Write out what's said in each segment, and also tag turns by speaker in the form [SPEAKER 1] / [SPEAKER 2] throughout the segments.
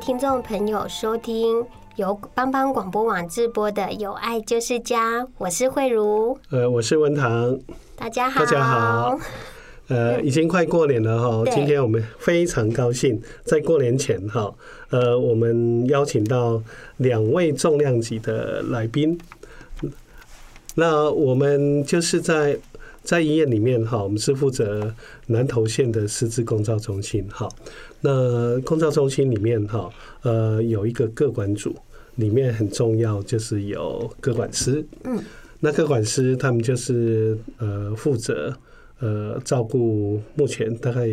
[SPEAKER 1] 聽眾朋友，收聽由幫幫廣播網直播的《有愛就是家》，我是慧如，
[SPEAKER 2] 呃，我是文堂，
[SPEAKER 1] 大家好，大家好，
[SPEAKER 2] 呃、嗯，已經快過年了哈，今天我們非常高興，在過年前哈，呃，我們邀請到兩位重量級的來賓，那我們就是在。在醫院裡面哈，我們是負責南投縣的失智共照中心哈。那共照中心裡面哈，呃，有一個個管組，裡面很重要就是有個管師。嗯，那個管師他們就是呃負責呃照顧目前大概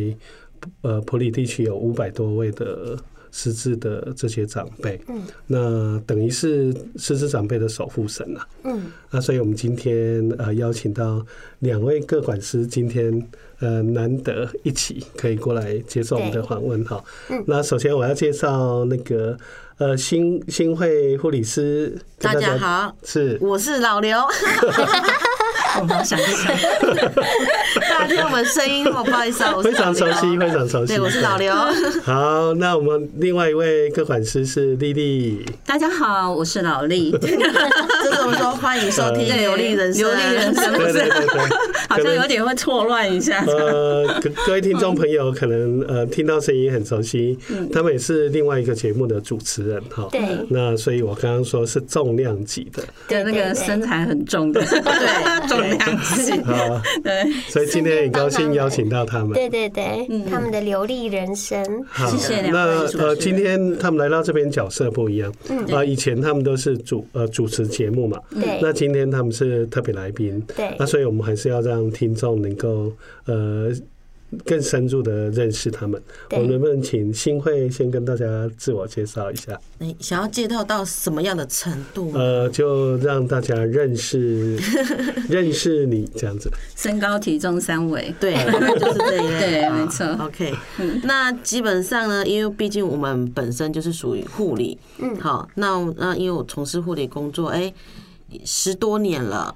[SPEAKER 2] 呃埔里地區有五百多位的。失智的這些長輩，嗯，那等於是失智長輩的守護神了、啊，嗯，那、啊、所以我們今天呃邀請到兩位個管師，今天呃難得一起可以過來接受我們的訪問哈，嗯，那首先我要介紹那個呃馨、馨蕙護理師。大，大家好，是
[SPEAKER 3] 我是老劉。 好 想聽，
[SPEAKER 4] 大家聽我們聲音、喔，不好意思啊，我非常熟悉，非
[SPEAKER 2] 常熟悉，對我是老劉。好，那我們另外一位個管師是莉莉。
[SPEAKER 4] 大家好，我是老莉，就 是我們說歡迎收聽《游麗人生》，游麗人生，不是？好像有點會錯亂一下。
[SPEAKER 2] 呃，各位聽眾朋友，可能呃聽到聲音很熟悉、嗯，他們也是另外一個節目的主持人。好，對，那所以我剛剛說是重量級的，
[SPEAKER 4] 對，那個身材很重的，對。 對 好、
[SPEAKER 2] 啊、對，所以今天很高興邀請到他們，他們對
[SPEAKER 1] 對對、嗯，他們的流利人生。好，嗯、那呃，
[SPEAKER 2] 今天他們來到這邊角色不一樣，啊、呃，以前他們都是主呃主持節目嘛，那今天他們是特別來賓，對，那、啊、所以我們還是要讓聽眾能夠呃。更深入的認識他們，我能不能請馨蕙先跟大家自我介紹一下、呃認識認
[SPEAKER 3] 識
[SPEAKER 4] 你對對？你、欸、想要介紹到什麼樣的程度？呃，
[SPEAKER 2] 就讓大家認識， 認識你這樣子。
[SPEAKER 4] 身高、體重、三圍，
[SPEAKER 3] 對， 就是對、這個，對，沒錯。OK，、嗯、那基本上呢，因為畢竟我們本身就是屬於護理，
[SPEAKER 5] 嗯，好，
[SPEAKER 3] 那那因為我從事護理工作，哎、欸，十多年了。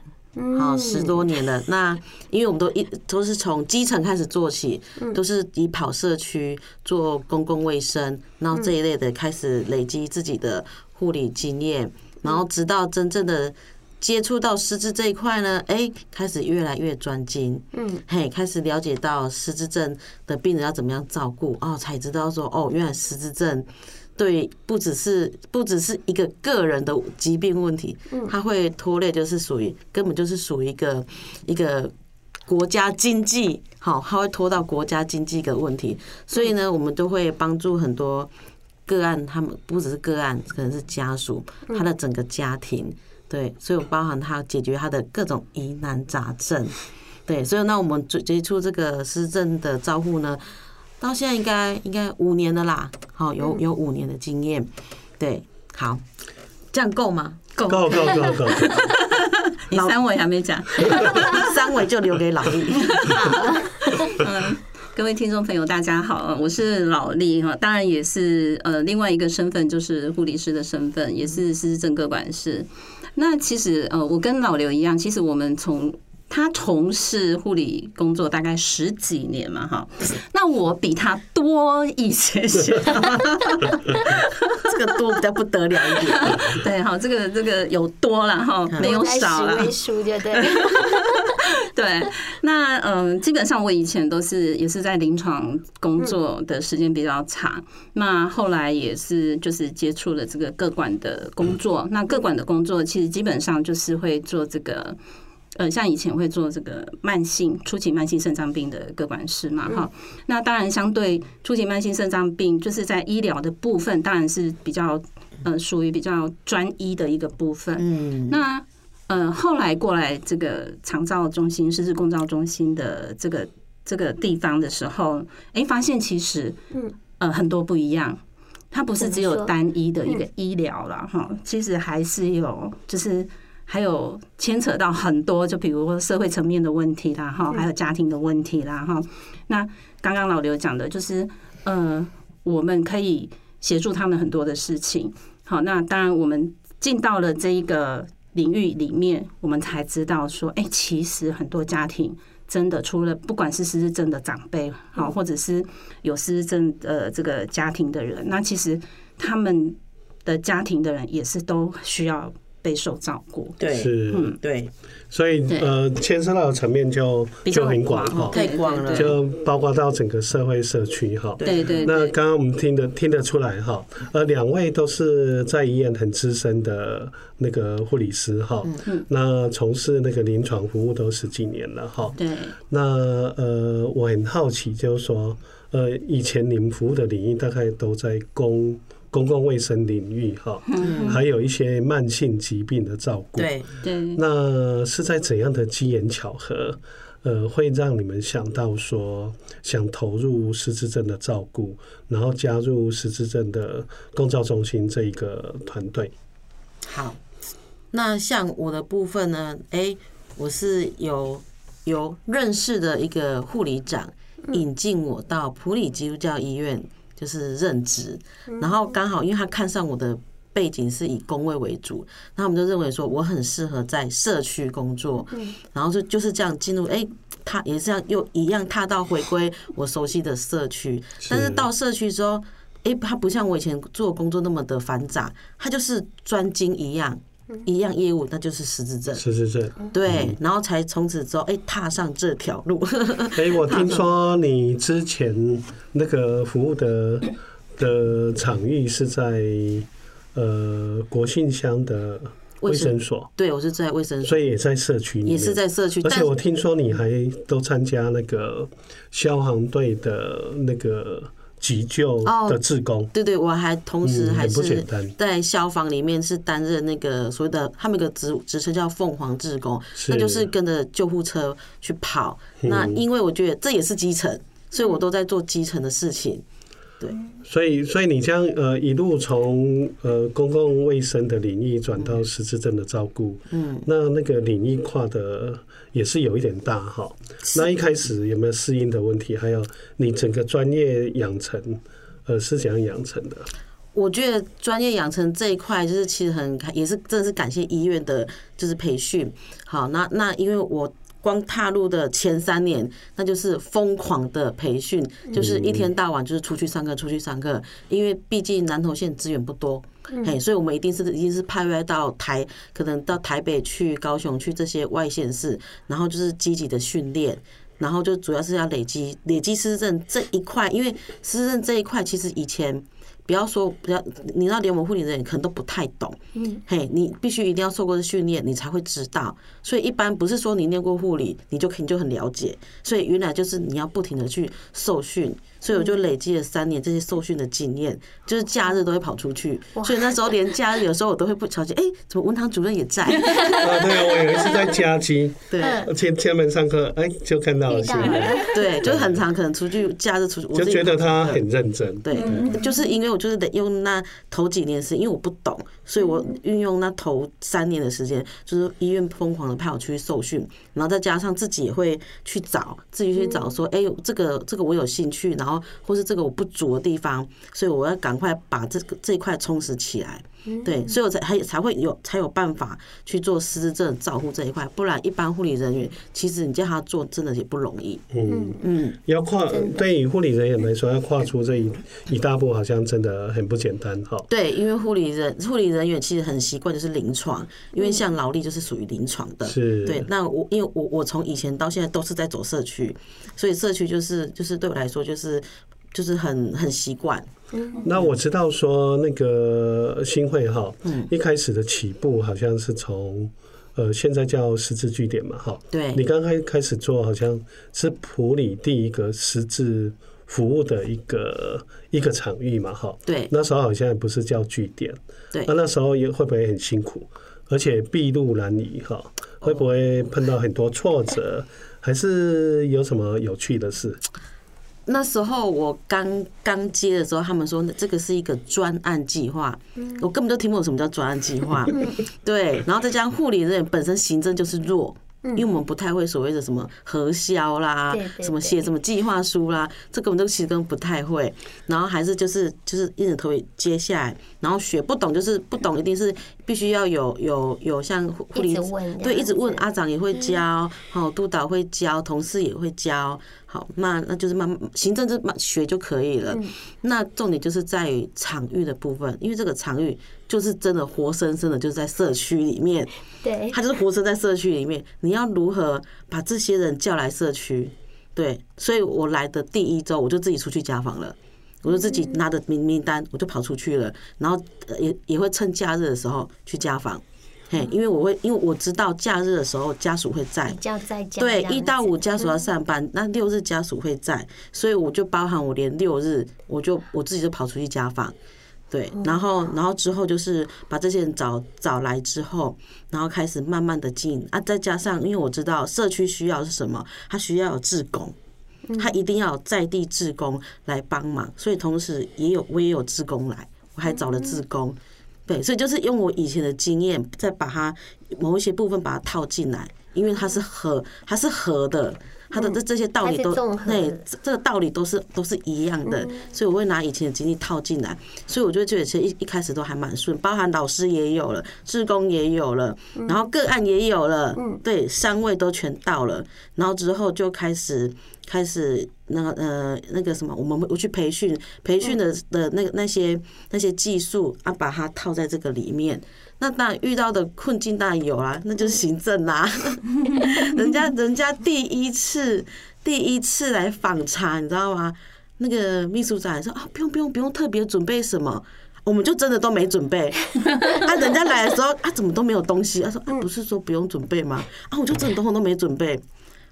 [SPEAKER 5] 好，十多
[SPEAKER 3] 年了。那，因為我們都一都是從基層開始做起，都是以跑社區、做公共衛生，然後這一類的開始累積自己的護理經驗，然後直到真正的接觸到失智這一塊呢，誒、欸，開始越來越專精，嗯，嘿，開始了解到失智症的病人要怎麼樣照顧，哦，才知道說哦，原來失智症。對，不只是不只是一個個人的疾病問題，它他會拖累，就是屬於根本就是屬於一個一個國家經濟，好、哦，他會拖到國家經濟的問題。所以呢，我們都會幫助很多個案，他們不只是個案，可能是家屬，他的整個家庭，對，所以我包含他解決他的各種疑難雜症，對，所以那我們最接觸這個施政的招呼呢？到現在應該應該五年了啦，好，有有五年的經驗，對，好，這樣夠嗎？夠夠夠夠夠
[SPEAKER 4] 夠， 三圍還沒講， 三圍就留給老莉。 嗯，各位聽眾朋友大家好，我是老莉哈，當然也是呃另外一個身份就是護理師的身份，也是失智個管師。那其實呃我跟老劉一樣，其實我們從他從事護理工作大概十幾年嘛，哈，那我比他多一些些， 這個多比較不得了一點。 對，好，這個這個有多了哈，沒有少數沒數就對了。 對，那嗯，基本上我以前都是也是在臨床工作的時間比較長，嗯，那後來也是就是接觸了這個個管的工作，嗯，那個管的工作其實基本上就是會做這個。呃，像以前會做這個慢性、初期慢性腎臟病的個管師嘛，哈、嗯。那當然，相對初期慢性腎臟病，就是在醫療的部分，當然是比較呃，屬於比較專一的一個部分。嗯。那呃，後來過來這個長照中心，甚至共照中心的這個這個地方的時候，哎、欸，發現其實
[SPEAKER 5] 嗯、
[SPEAKER 4] 呃、很多不一樣，它不是只有單一的一個醫療了哈。其實還是有，就是。還有牽扯到很多，就比如說社會層面的問題啦，哈，還有家庭的問題啦，哈、嗯。那剛剛老劉講的，就是呃，我們可以協助他們很多的事情。好，那當然我們進到了這一個領域裡面，我們才知道說，哎、欸，其實很多家庭真的除了不管是失智症的長輩，好、嗯，或者是有失智症呃這個家庭的人，那其實他們的家庭的人也是都需要。備受照顧，
[SPEAKER 2] 對，嗯、是，對，所以呃，牽涉到的層面就就很廣哈、嗯哦，太廣了，、哦、了，就包括到整個社會社區哈。對，對對，那剛剛我們聽得聽得出來哈，呃，兩位都是在醫院很資深的那個護理師哈、哦嗯，那從事那個臨床服務都十幾年了哈、哦。對，那呃，我很好奇，就是說，呃，以前你們服務的領域大概都在公。公共衛生領域哈，還有一些慢性疾病的照
[SPEAKER 5] 顧。對、嗯、對。那
[SPEAKER 2] 是在怎樣的機緣巧合，呃，會讓你們想到說想投入失智症的照顧，然後加入失智症的共照中心這一個團隊？好，
[SPEAKER 3] 那像我的部分呢？哎、欸，我是有有認識的一個護理長引進我到埔里基督教醫院。就是任職，然後剛好因為他看上我的背景是以工位為主，那我們就認為說我很適合在社區工作，然後就就是這樣進入，哎，他也是這樣又一樣踏到回歸我熟悉的社區，但是到社區之後，哎，他不像我以前做工作那麼的繁雜，他就是專精一樣。一樣業務，那就是失智症。失智症，對，然後才從此之後，哎、欸，踏上這條路。哎、 欸，我
[SPEAKER 5] 聽說
[SPEAKER 2] 你之前那個服務的的場域是在呃國姓鄉的衛生所衛生。
[SPEAKER 5] 對，
[SPEAKER 3] 我是在衛生所，所
[SPEAKER 2] 以也在社區，也是在社
[SPEAKER 3] 區。而且我聽
[SPEAKER 2] 說你還都參加那個消防隊的那個。急救的志工。哦，
[SPEAKER 3] 對對，我還同時還是在消防裡面是擔任那個所謂的他們一個職職稱叫鳳凰志工，那就是跟着救護車去跑，嗯。那因為我覺得這也是基層，所以我都在做基層的事情。對，
[SPEAKER 2] 所以所以你這呃，一路從呃公共衛生的領域轉到失智症的照顧，嗯，那那個領域跨的。也是有一點大哈，那一開始有沒有適應的問題？還有你整個專業養成，呃，是怎樣養成的？
[SPEAKER 3] 我覺得專業養成這一塊，就是其實很也是真的是感謝醫院的，就是培訓。好，那那因為我。光踏入的前三年，那就是瘋狂的培訓，就是一天到晚就是出去上課，出去上課。因為畢竟南投縣資源不多，嗯，嘿，所以我們一定是一定是派外到台，可能到台北去、高雄去這些外縣市，然後就是積極的訓練，然後就主要是要累積累積師資證這一塊，因為師資證這一塊其實以前。不要說，不要，你知道，連我們護理人員可能都不太懂。嗯，嘿，你必須一定要受過的訓練，你才會知道。所以一般不是說你念過護理，你就可以就很了解。所以原來就是你要不停的去受訓。所以我就累積了三年這些受訓的經驗，就是假日都會跑出去。所以那時候連假日有時候我都會不小心，哎、欸，怎麼文堂主任也在？
[SPEAKER 2] 啊，對啊，我以為是在假期，對，天天門上課，哎、欸，就看到了。
[SPEAKER 3] 對，就很常可能出去假日出去，我就覺得他很
[SPEAKER 2] 認真。對，
[SPEAKER 3] 就是因為我就是得用那頭幾年時間，因為我不懂，所以我運用那頭三年的時間，就是醫院瘋狂的派我出去受訓。然後再加上自己也會去找，自己去找說，哎，這個這個我有興趣，然後或是這個我不足的地方，所以我要趕快把這個這一塊充實起來。對，所以我才還才會有才有辦法去做失智照護這一塊，不然一般護理人員其實你叫他做真的也不容易。嗯
[SPEAKER 2] 嗯，要跨對於護理人員來說，要跨出這一一大步，好像真的很不
[SPEAKER 3] 簡單哈。對，因為護理人護理人員其實很習慣就是臨床，因為像勞力就是屬於臨床的。是、嗯。對，那我因為我我從以前到現在都是在走社區，所以社區就是就是對我來說就是。就是很很習慣。那我知道
[SPEAKER 2] 說那個馨蕙哈，嗯，一開始的起步好像是從呃，現在叫失智據點嘛，哈，對。你剛開開始做好像是埔里第一個失智服務的一個一個場域嘛，哈，對。那時候好像也不是叫據點，對。那那時候也會不會很辛苦？而且篳路藍縷哈，會不會碰到很多挫折？還是有什麼有趣的事？
[SPEAKER 3] 那時候我剛剛接的時候，他們說這個是一個專案計劃，我根本就聽不懂什麼叫專案計劃。對，然後再加上護理人員本身行政就是弱。因為我們不太會所謂的什麼核銷啦，什麼寫什麼計劃書啦，這個我們都其實都不太會。然後還是就是就是硬著頭皮接下來，然後學不懂就是不懂，一定是必須要有有有像護理對一直問阿長也會教、哦，好督導會教，同事也會教。好，那那就是慢慢行政這麼學就可以了。那重點就是在於場域的部分，因為這個場域。就是真的活生生的就是在社區裡面，對，他就是活生在社區裡面。你要如何把這些人叫來社區？對，所以我來的第一周，我就自己出去家訪了。
[SPEAKER 4] 我就自己拿
[SPEAKER 3] 着名名單，我就跑出去了。然後也也會趁假日的時候去家訪，嘿，因為我會，因為我知道假日的時候家屬會在，對，一到五家屬要上班，那六日家屬會在，所以我就包含我連六日，我就我自己就跑出去家訪。對，然後，然後之後就是把這些人找找來之後，然後開始慢慢的進啊，再加上，因為我知道社區需要是什麼，他需要有志工，他一定要在地志工來幫忙，所以同時也有我也有志工來，我還找了志工，對，所以就是用我以前的經驗，再把它某一些部分把它套進來，因為它是合，它是合的。他的這這些道理都那這個道理都是都是一樣的，所以我會拿以前的經歷套進來，所以我覺得這是一一開始都還蠻順，包含老師也有了，志工也有了，然後個案也有了，對，三位都全到了，然後之後就開始開始那個呃那個什麼，我們我去培訓培訓的的那個那些那些技術啊，把它套在這個裡面。那當然遇到的困境當然有啦、啊，那就是行政啦、啊。人家人家第一次第一次來訪查，你知道嗎？那個祕書長說啊，不用不用不用特別準備什麼，我們就真的都沒準備。啊。人家來的時候，啊，怎麼都沒有東西？他、啊、說啊，不是說不用準備嗎？啊，我就真的東西都沒準備。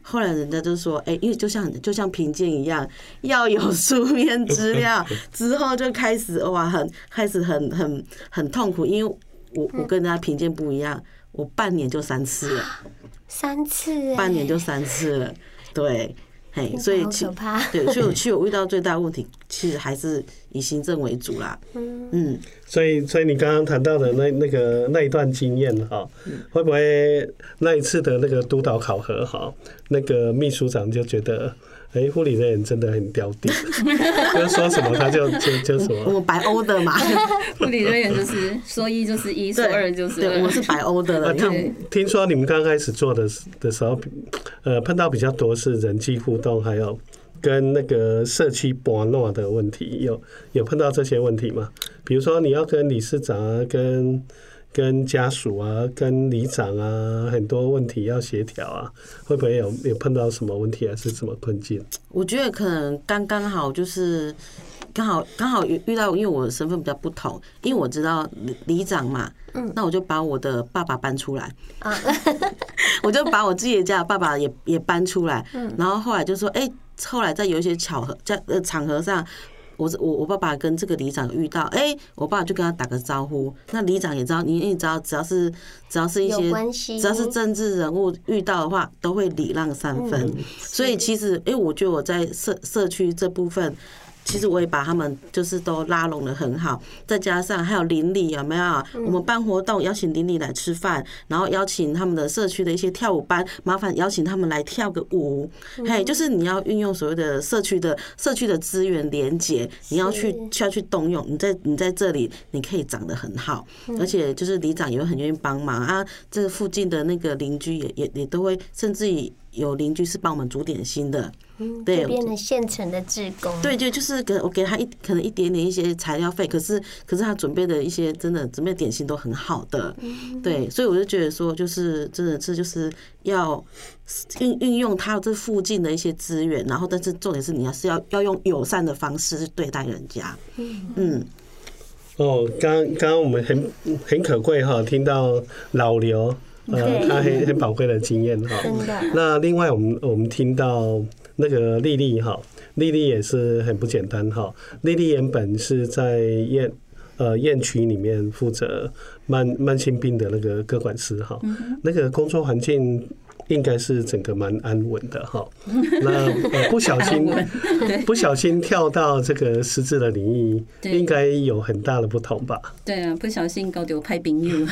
[SPEAKER 3] 後來人家就說，哎、欸，因為就像就像評鑑一樣，要有書面資料。之後就開始哇，很開始很很很痛苦，因為。我我跟人家評鑑不一樣，我半年就三次了，三次，半年就三次了，對，嘿，所以，對，所以，所以我遇到最大問題，其實還是以行政為主啦，嗯，
[SPEAKER 2] 所以，所以你剛剛談到的那那個那一段經驗哈，會不會那一次的那個督導考核哈，那個秘書長就覺得。哎、欸，護理人員真的很刁鑽，
[SPEAKER 4] 要說什麼
[SPEAKER 2] 他就就就什麼。我白歐的嘛，護 理人員就是說一就
[SPEAKER 4] 是一，說二就是二。我是白歐的了、欸對對對。
[SPEAKER 2] 聽說你們剛開始做的時的時候，呃，碰到比較多是人際互動，還有跟那個社區駁鬧的問題，有有碰到這些問題嗎？比如說你要跟理事長跟。跟家屬啊，跟里長啊，很多問題要協調啊，會不會有有碰到什麼問題，還是什麼困境？
[SPEAKER 3] 我覺得可能剛剛好就是剛好剛好遇遇到，因為我的身份比較不同，因為我知道里里長嘛，嗯，那我就把我的爸爸搬出來，啊， 我就把我自己的家的爸爸也也搬出來，嗯，然後後來就說，哎、欸，後來在有一些巧合在呃，場合上。我我我爸爸跟這個里長遇到，哎，我爸爸就跟他打個招呼，那里長也知道，你也知道，只要是只要是，一些只要是政治人物遇到的話，都會禮讓三分。所以其實，哎，我覺得我在社社區這部分。其實我也把他們就是都拉攏得很好，再加上還有鄰里有沒有？我們辦活動邀請鄰里來吃飯，然後邀請他們的社區的一些跳舞班，麻煩邀請他們來跳個舞。
[SPEAKER 4] 嘿，就
[SPEAKER 3] 是你要運用所謂的社區的社區的資源連接，你要去要去動用。你在你在這裡，你可以長得很好，而且就是里長也會很願意幫忙啊。這附近的那個鄰居也也也都會，甚至於。有鄰居是幫我們煮點心的，對，變
[SPEAKER 1] 成現成的志工，對，
[SPEAKER 3] 就就是給我給他一可能一點點一些材料費，可是可是他準備的一些真的準備點心都很好的，對，所以我就覺得說，就是真的是就是要運運用他這附近的一些資源，然後但是重點是你還是要要用友善的方式對待人家，嗯，哦，剛
[SPEAKER 2] 剛剛剛我們很很可貴哈，聽到老劉。呃，他很很寶貴的經驗哈。真的。那另外，我們我們聽到那個莉莉哈，莉莉也是很不簡單哈。莉莉原本是在燕呃燕區裡面負責慢慢性病的那個個管師哈，那個工作環境應該是整個蠻安穩的哈。
[SPEAKER 5] 那不小
[SPEAKER 2] 心不小心跳到這個失智的領域，應該有很大的不同吧？
[SPEAKER 4] 對啊，不小心搞丟派兵用。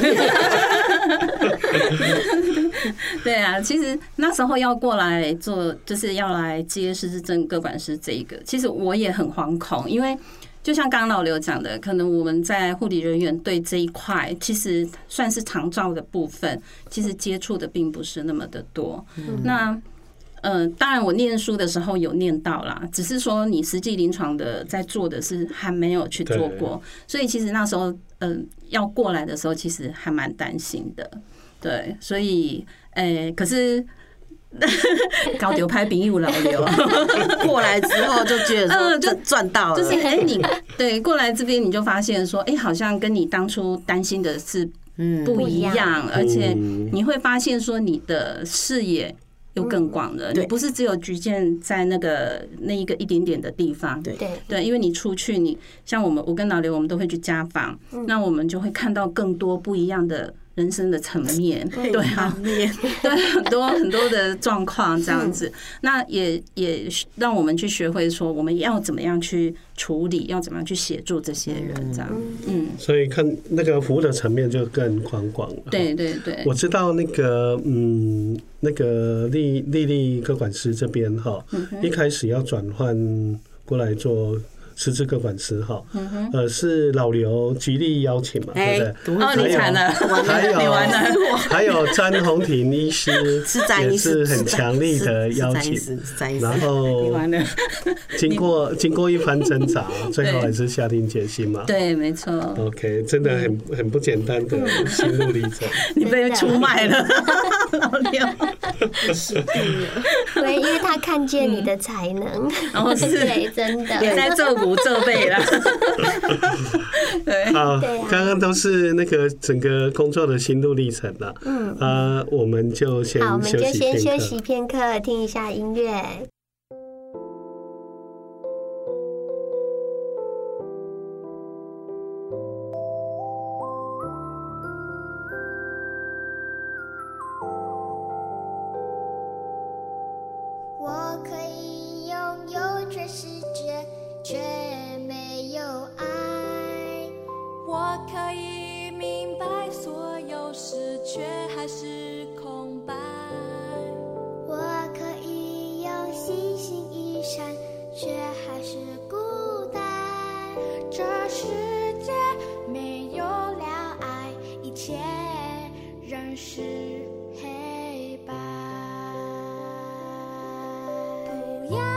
[SPEAKER 4] 對啊，其實那時候要過來做，就是要來接失智症，個管師這一個，其實我也很惶恐，因為就像剛老劉講的，可能我們在護理人員對這一塊，其實算是長照的部分，其實接觸的並不是那麼的多。嗯、那呃，當然我念書的時候有念到啦，只是說你實際臨床的在做的是還沒有去做過，所以其實那時候。嗯，要過來的時候，其實還蠻擔心的，對，所以，哎、欸、可是高調拍平，不老油，過來之後就覺得，嗯，就賺到了，就是，很擰對過來這邊，你就發現說，哎、欸，好像跟你當初擔心的是不、嗯，不一樣，而且你會發現說，你的視野。就更廣了、嗯，你不是只有局限在那個那一個一點點的地方，對對，對，因為你出去你，你像我們，我跟老劉，我們都會去家訪、嗯，那我們就會看到更多不一樣的。人生的層面，對啊，面對很多很多的狀況這樣子，那也也讓我們去學會說，我們要怎麼樣去處理，要怎麼樣去協助這些人這樣，嗯，
[SPEAKER 2] 嗯。所以看那個服務的層面就更寬廣了，嗯。對對對，我知道那個嗯，那個莉莉莉個管師這邊哈，一開始要轉換過來做。是這個管師哈、嗯，呃是，老劉極力邀請嘛，欸、對不對？哦，你慘了，完 了，還有 你了還有詹紅婷醫師，是 是很強力的邀請，然後，經過經過，經過一番掙扎， 最後還是下定決心嘛，對，對
[SPEAKER 4] 沒錯。
[SPEAKER 2] OK，真的很很不簡單的心路歷程，
[SPEAKER 4] 你被出賣了，老
[SPEAKER 5] 劉，對 不是，
[SPEAKER 1] 不是因，為因為他看見你的才
[SPEAKER 4] 能，然後是誰真的 也在做。不作了。
[SPEAKER 2] 好、啊，剛剛、啊、都是那個整個工作的心路歷程
[SPEAKER 4] 了。
[SPEAKER 2] 嗯，呃，我們就先，休息，我們就先休息
[SPEAKER 1] 片刻，聽一下音樂。
[SPEAKER 5] 我可以
[SPEAKER 6] 擁有全世界，卻。卻還是空白。我可以有星星一閃，卻還是孤單。這世界沒有了愛，一切仍是黑白。不要。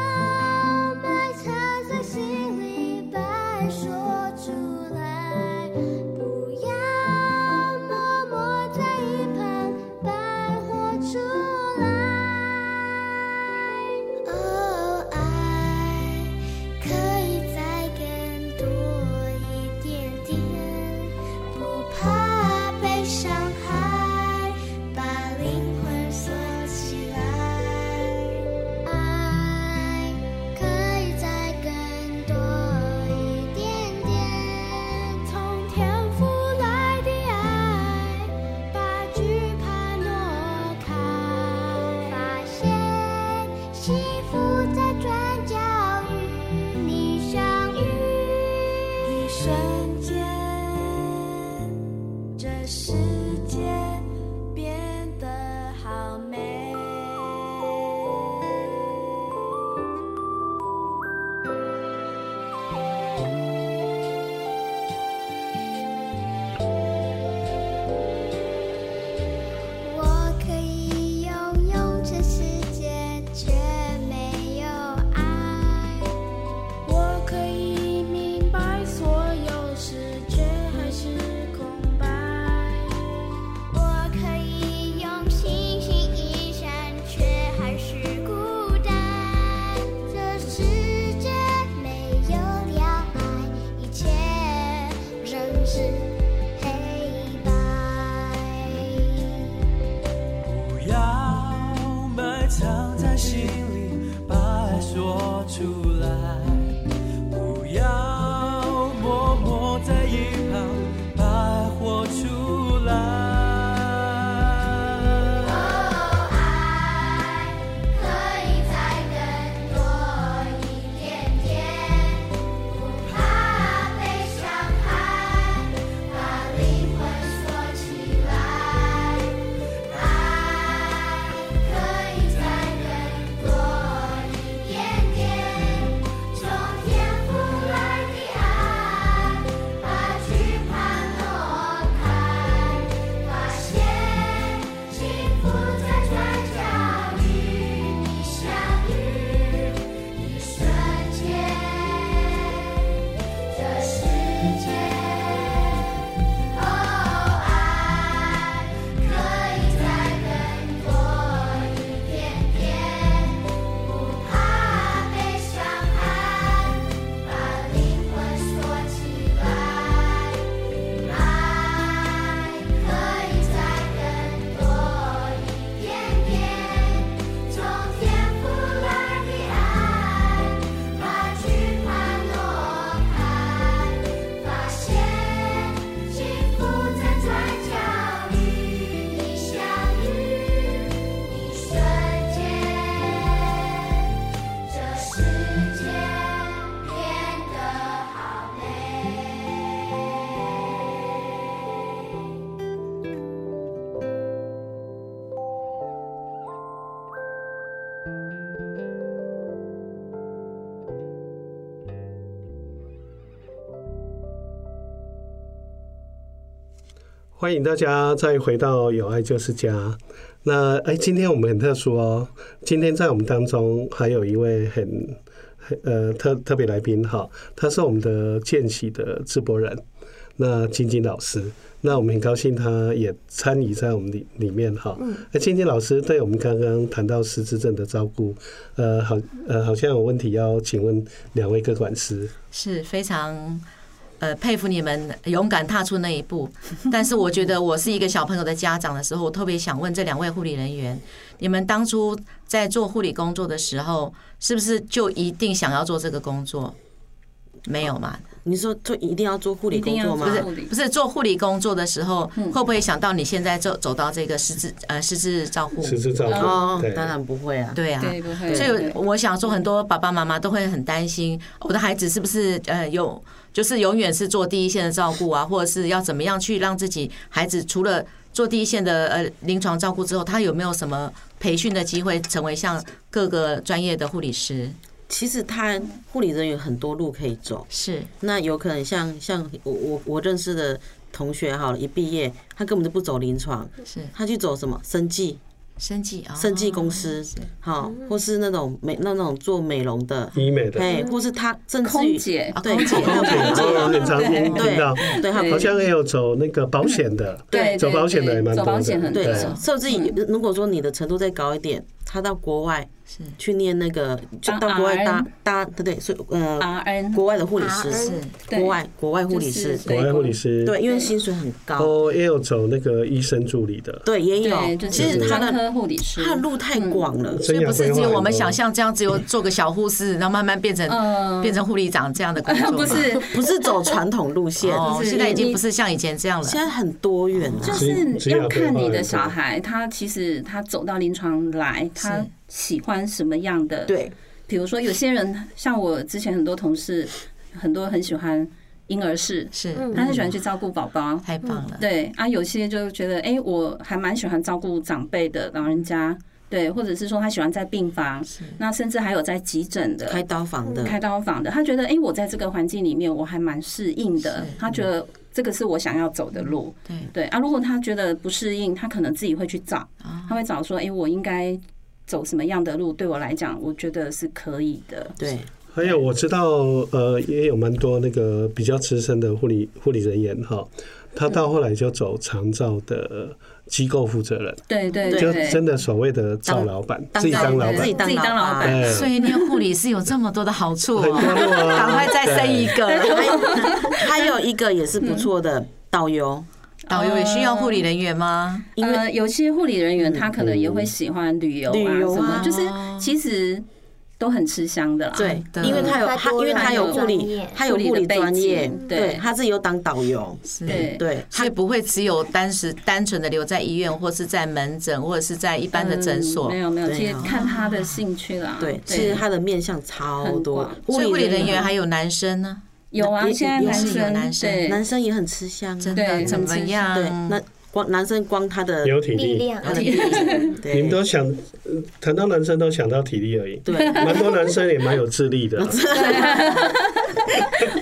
[SPEAKER 2] 歡迎大家再回到有愛就是家。那哎、欸，今天我們很特殊哦，今天在我們當中還有一位很，很呃特特別來賓哈、哦，他是我們的見習的製播人，那金金老師。那我們很高興他也參與在我們裡裡面哈。那金金老師，對我們剛剛談到失智症的照顧，呃，好呃，好像有問題要請問兩位個管師，
[SPEAKER 7] 是非常。呃，佩服你們勇敢踏出那一步。 但是我覺得，我是一個小朋友的家長的時候，我特別想問這兩位護理人員：你們當初在做護理工作的時候，是不是就一定想要做這個工作？沒有嘛、哦？你說就一定要做護理工作嗎？不是，不是做護理工作的時候、嗯，會不會想到你現在就走到這個失智呃失智照護？失智照顧、哦、當
[SPEAKER 3] 然不會啊。對啊。對，不會，
[SPEAKER 7] 所以我想說，很多爸爸媽媽都會很擔心，我的孩子是不是呃有？就是永遠是做第一線的照顧啊，或者是要怎麼樣去讓自己孩子除了做第一線的呃臨床照顧之後，他有沒有什麼培訓的機會，成為像各個專業的護理師？其實他護理人員很多路可以走，是那有可能像像我我我
[SPEAKER 3] 認識的同學，好了一畢業，他根本就不走臨床，是他去走什麼生計。
[SPEAKER 7] 生計啊、哦，生技
[SPEAKER 3] 公司好，或是那種美那種做美容的醫美的，哎，或
[SPEAKER 7] 是他甚至於空姐，對，空姐，對，空姐，空姐也蠻常見的，對，
[SPEAKER 3] 對，好像也
[SPEAKER 2] 有走那個保險的，對，對，對，走保險的也蠻多的，對，
[SPEAKER 3] 甚至於如果說你的程度再高一點。他到國外是去念那個，就到國外搭搭，不對，是，所以呃，RN，國外的護理師，是國外國外護理師，國外護理
[SPEAKER 2] 師，對，因為
[SPEAKER 7] 薪水很高。都
[SPEAKER 2] 也有走那個醫生助理的，
[SPEAKER 7] 對，也有。其實他的護理師，他的他路太廣了，所以不是只有我們想像這樣，只有做個小護士，然後慢慢變成變成護理長這樣的工作不是，
[SPEAKER 3] 不是走傳統路線，現在已
[SPEAKER 7] 經不是
[SPEAKER 4] 像以前這樣了，現在很多元了。就是要看你的小孩，他其實他走到臨床來。他喜歡什麼樣的？對，比如說有些人像我之前很多同事，很多很喜歡嬰兒室，是，他是喜歡去照顧寶寶，太棒了。對啊，有些就覺得欸，我還蠻喜歡照顧長輩的老人家，對，或者是說他喜歡在病房，那甚至還有在急診的開刀房的開刀房的，他覺得欸，我在這個環境裡面我還蠻適應的，他覺得這個是我想要走的路，對對啊。如果他覺得不適應，他可能自己會去找，他會找說欸，我應該。走什麼樣的路對我來講，我覺得是可以的。
[SPEAKER 2] 對，還有我知道，呃，也有蠻多那個比較資深的護理護理人員哈，他到後來就走長照的機構負責人。
[SPEAKER 7] 對對對，就真的
[SPEAKER 2] 所謂的趙老闆，自己當老闆，自己當老闆，啊。所
[SPEAKER 7] 以念護理是有這麼多的好處，喔，趕、啊、快再生一個。還有一個也是不
[SPEAKER 3] 錯
[SPEAKER 4] 的導遊。
[SPEAKER 7] 導遊也需要護理人
[SPEAKER 4] 員嗎？呃，呃，有些護理人員他可能也會喜歡旅遊啊什麼、嗯嗯什麼，嗯，就是其實都很吃香的啦。對，因為他有他，因為他有護理，他有護理專業，對，對，他自己有當導遊，
[SPEAKER 7] 對，對，他也不會只有單是單純的留在醫院，或是在門診，或者是在一般的診所，嗯，沒有沒有、哦，其實
[SPEAKER 4] 看他的興趣啦。對，對對，其實
[SPEAKER 7] 他的面向超多，護，所以護理人員還有男生呢？
[SPEAKER 4] 有啊，現在男生，有男，生男生
[SPEAKER 3] 也很吃香，真的怎麼樣？對，那光男生光他的體力，他的體力，對
[SPEAKER 2] 對你們都想，很多男生都想到體力而已。對，蠻多男生也蠻有、啊啊啊、 沒錯 有智力的，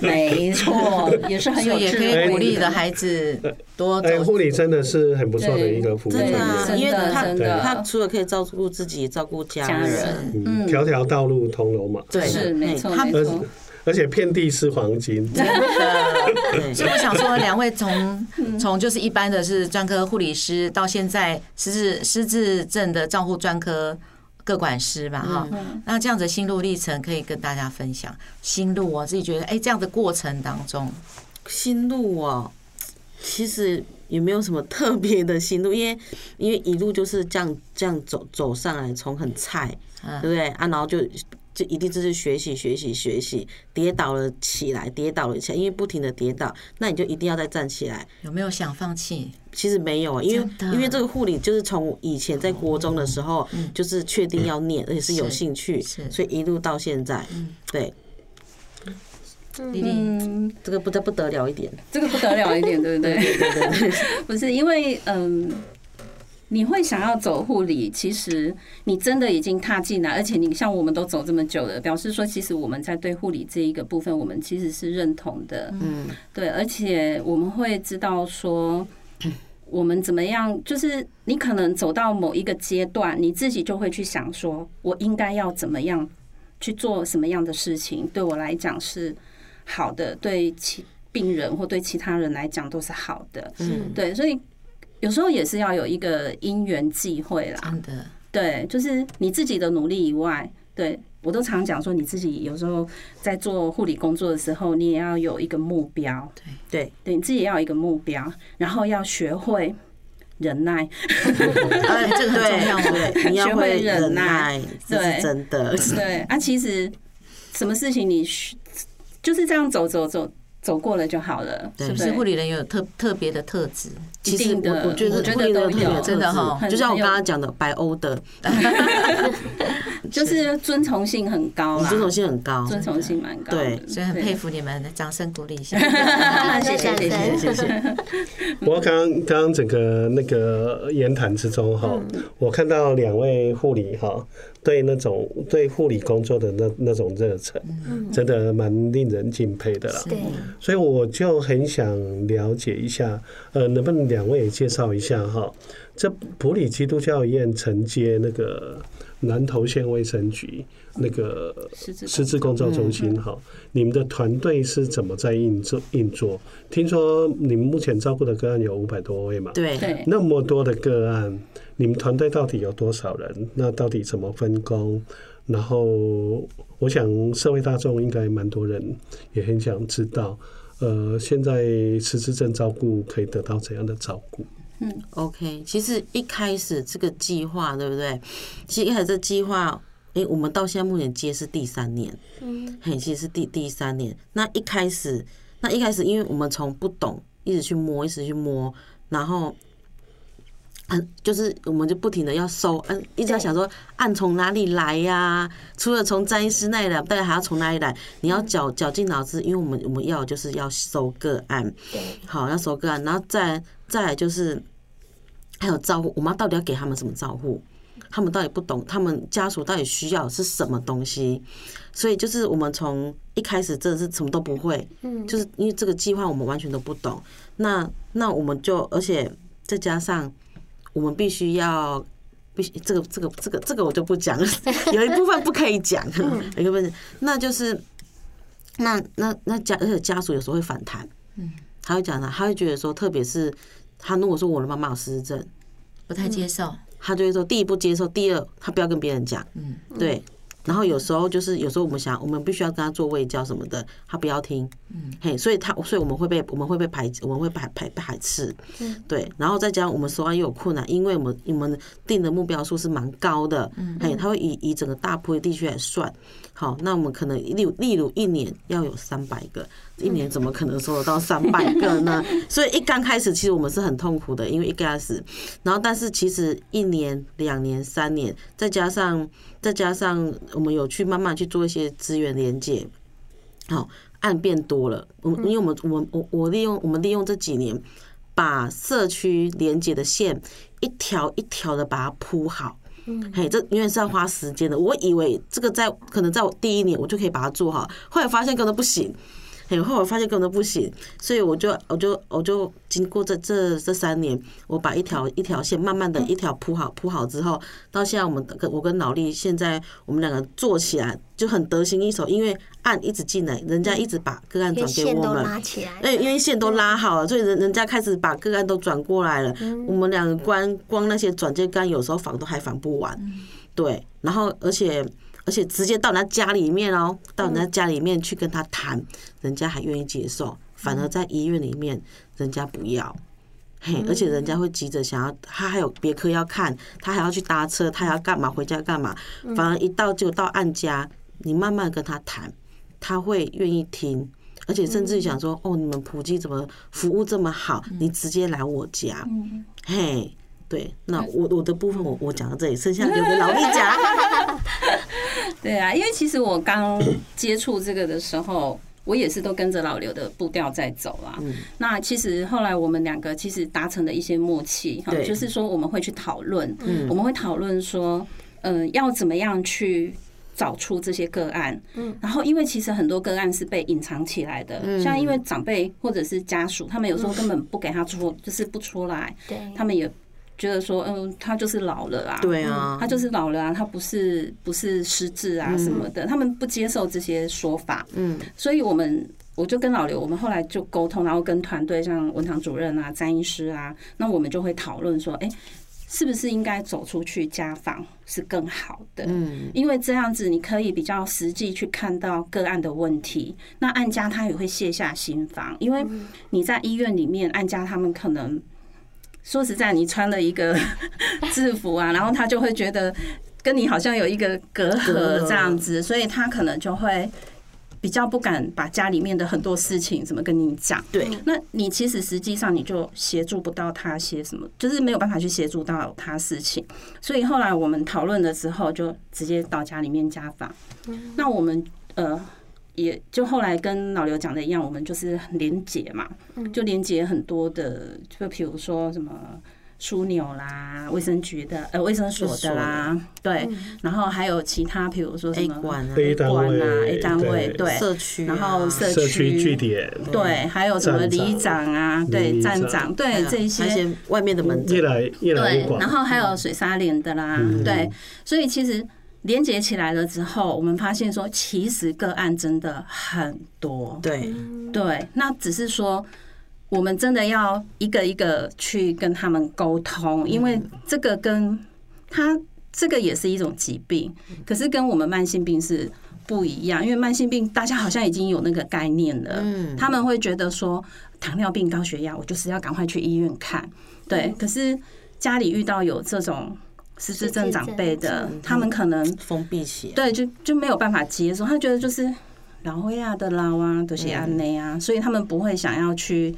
[SPEAKER 7] 沒錯，也是很有智力的，也可以鼓勵的孩
[SPEAKER 3] 子多。
[SPEAKER 2] 護、哎哎、理真的是很不錯的一個服務，真的對
[SPEAKER 4] 真的因為他真的
[SPEAKER 2] 對。他
[SPEAKER 3] 除了可以照顧自己，照顧家人，嗯，
[SPEAKER 2] 條、嗯、條道路通羅馬，對，對沒錯。他沒而且遍地是黃金，真的。所以我想說，兩
[SPEAKER 7] 位從從就是一般的是專科護理師，到現在失智、失智症的照護專科個管師吧。哈、嗯。那這樣子的心路歷程可以跟大家分享？心路、啊，我自己覺得，哎、欸，這樣的過程當中，心路哦、啊，其實也沒有什麼特別的心路，因為因為一路就是這
[SPEAKER 3] 樣這樣走走上來，從很菜，對不對啊？然後就。就一定就是學習學習學習，跌倒了起來，跌倒了起來，因為不停的跌倒，那你就一定要再站起來。
[SPEAKER 7] 有沒有想放棄？
[SPEAKER 3] 其實沒有啊，因為因為這個護理
[SPEAKER 7] 就是從以前
[SPEAKER 3] 在國中的時候，就是確定要念，嗯，而且是有興趣，嗯，所以一路到現在。
[SPEAKER 4] 對，莉莉，
[SPEAKER 3] 這個不得不得了一點，這個不得了一
[SPEAKER 4] 點，對不對？對對對，不是因為嗯。呃你會想要走護理，其實你真的已經踏進來，而且你像我們都走這麼久了，表示說，其實我們在對護理這一個部分，我們其實是認同的，嗯，對，而且我們會知道說，我們怎麼樣，就是你可能走到某一個階段，你自己就會去想說，我應該要怎麼樣去做什麼樣的事情，對我來講是好的，對其病人或對其他人來講都是好的，嗯，對，所以。有時候也是要有一個因緣際會啦，對，就是你自己的努力以外，對，我都常講說，你自己有時候在做護理工作的時候，你也要有一個目標。對，對，你自己也要有一個目標，然後要學會忍耐。 欸、這個很重要，對，你要會忍耐。對，真的。 對啊，其實什麼事情你就是這樣走走走。走過了就好了。是不是護理人有特特別的特質？其實我的，我覺得真的都有真的哈，就像我剛
[SPEAKER 3] 剛講的白歐的，order,
[SPEAKER 4] 就是遵從性很高嘛。遵
[SPEAKER 3] 從性很高，
[SPEAKER 4] 遵從性蠻高對。對，所以很佩服你們，掌聲鼓勵一下。 謝謝，
[SPEAKER 7] 謝謝，謝謝。
[SPEAKER 2] 我剛剛剛整個那個言談之中哈、嗯，我看到兩位護理哈。對那種對護理工作的那那種熱忱，真的蠻令人敬佩的啦。對，所以我就很想了解一下，呃，能不能兩位也介紹一下哈？這埔里基督教醫院承接那個南投縣衛生局。那個
[SPEAKER 5] 失智共照中心
[SPEAKER 2] 哈、嗯，你們的團隊是怎麼在運作運作？聽說你們目前照顧的個案有五百多位嘛？對，那麼多的個案，你們團隊到底有多少人？那到底怎麼分工？然後，我想社會大眾應該蠻多人也很想知道，呃，現在失智症照顧可以得到怎樣的照顧？嗯
[SPEAKER 3] ，OK，其實一開始這個計劃對不對？其實一開始計劃。哎，欸，我們到現在目前接是第三年，嗯，欸，其實是第第三年。那一開始，那一開始，因為我們從不懂，一直去摸，一直去摸，然後，嗯，就是我們就不停的要搜，嗯，一直要想說案從哪裡來呀，啊？除了從張醫師那裡來，不然還要從哪裡來？你要絞絞盡腦汁，因為我們我們要就是要搜個案，
[SPEAKER 5] 對，
[SPEAKER 3] 好要搜個案，然後再來再來就是還有照顧我們到底要給他們什麼照顧？他們到底不懂，他們家屬到底需要的是什麼東西？所以就是我們從一開始真的是什麼都不會，
[SPEAKER 5] 嗯，就是
[SPEAKER 3] 因為這個計劃我們完全都不懂。那那我們就，而且再加上我們必須要必須這個這個這個這個我就不講了，有一部分不可以講，有一部分那就是那那那家而且家屬有時候會反彈，嗯，他會講他，他會覺得說，特別是他如果說我的媽媽有失智症，不太接受。他就會說：第一不接受，第二他不要跟別人講。嗯，對。然後有時候就是有時候我們想，我們必須要跟他做衛教什麼的，他不要聽，嗯，嘿，所以他，所以我們會被我們會被排，我們會排排排，排斥，嗯，對。然後再加上我們收案又有困難，因為我們我們定的目標數是蠻高的，嗯，嘿，他會以以整個大埔地區來算，好，那我們可能例如例如一年要有三百個，一年怎麼可能收得到三百個呢？所以一剛開始其實我們是很痛苦的，因為一開始，然後但是其實一年、兩年、三年，再加上。再加上我們有去慢慢去做一些資源連接，好、哦、案變多了。我因為我們我我我利用我們利用這幾年，把社區連接的線一條一條的把它鋪好。嗯，嘿，這因為是要花時間的。我以為這個在可能在我第一年我就可以把它做好，後來發現可能不行。然後我發現根本不行，所以我就我就我就經過這這這三年，我把一條一條線慢慢的一條鋪好鋪好之後，到現在我們我跟老莉現在我們兩個做起來就很得心應手，因為案一直進來，人家一直把個案轉給我們，哎，因為線都拉好了，所以人人家開始把個案都轉過來了。我們兩個關光，光那些轉介單，有時候訪都還訪不完，對，然後而且。而且直接到人家家裡面哦、喔，到人家家裡面去跟他談，人家還願意接受。反而在醫院裡面，人家不要。嘿，而且人家會急着想要，他還有別科要看，他還要去搭車，他要幹嘛回家幹嘛。反而一到就到俺家，你慢慢跟他談，他會願意聽，而且甚至想說：“哦，你們埔基怎麼服務這麼好？你直接來我家。”嘿。對，那我我的部分我我講到這裡，剩下，留給老師
[SPEAKER 4] 講。 對啊，因為其實我剛接觸這個的時候， 我也是都跟着老劉的步調在走啊、嗯。那其實後來我們兩個其實達成了一些默契，哈，就是說我們會去討論、嗯，我們會討論說，嗯、呃，要怎麼樣去找出這些個案，嗯，然後因為其實很多個案是被隱藏起來的，嗯、像因為長輩或者是家屬，他們有時候根本不給他出，嗯、就是不出來，對，他們也，覺得說，嗯，他就是老了啊，對啊，他就是老了啊，他不是不是失智啊什麼的，他們不接受這些說法，嗯，所以我們我就跟老劉，我們後來就溝通，然後跟團隊，像文堂主任啊、詹醫師啊，那我們就會討論說，誒，是不是應該走出去家訪是更好的？嗯，因為這樣子你可以比較實際去看到個案的問題。那案家他也會卸下心防，因為你在醫院裡面，案家他們可能。說實在，你穿了一個制服啊，然後他就會覺得跟你好像有一個隔閡這樣子，所以他可能就會比較不敢把家裡面的很多事情怎麼跟你講。對，那你其實實際上你就協助不到他些什麼，就是沒有辦法去協助到他事情。所以後來我們討論的時候，就直接到家裡面家訪。那我們呃。也就後來跟老劉講的一樣，我們就是連接嘛，就連接很多的，就比如說什麼樞紐啦、衛生局的、呃衛生所的啦，對，然後還有其他，比如說什麼 A 館啊，啊、A 單位、A、單位對，對社區、啊，然後社區據點對、嗯，還有什麼里長啊、嗯、對站長對這些，一些外面的門對，對，然後還有水沙連的啦、嗯，對，所以其實。連接起來了之後，我們發現說，其實個案真的很多。對對，那只是說，我們真的要一個一個去跟他們溝通，因為這個跟他這個也是一種疾病，可是跟我們慢性病是不一樣。因為慢性病大家好像已經有那個概念了，他們會覺得說，糖尿病、高血壓，我就是要趕快去醫院看。對，可是家裡遇到有這種。是是正長輩的、嗯，他們可能
[SPEAKER 3] 封閉起來、啊，
[SPEAKER 4] 對，就就沒有辦法接受。他們覺得就是老會呀的啦哇、啊，都些阿內啊、嗯，所以他們不會想要去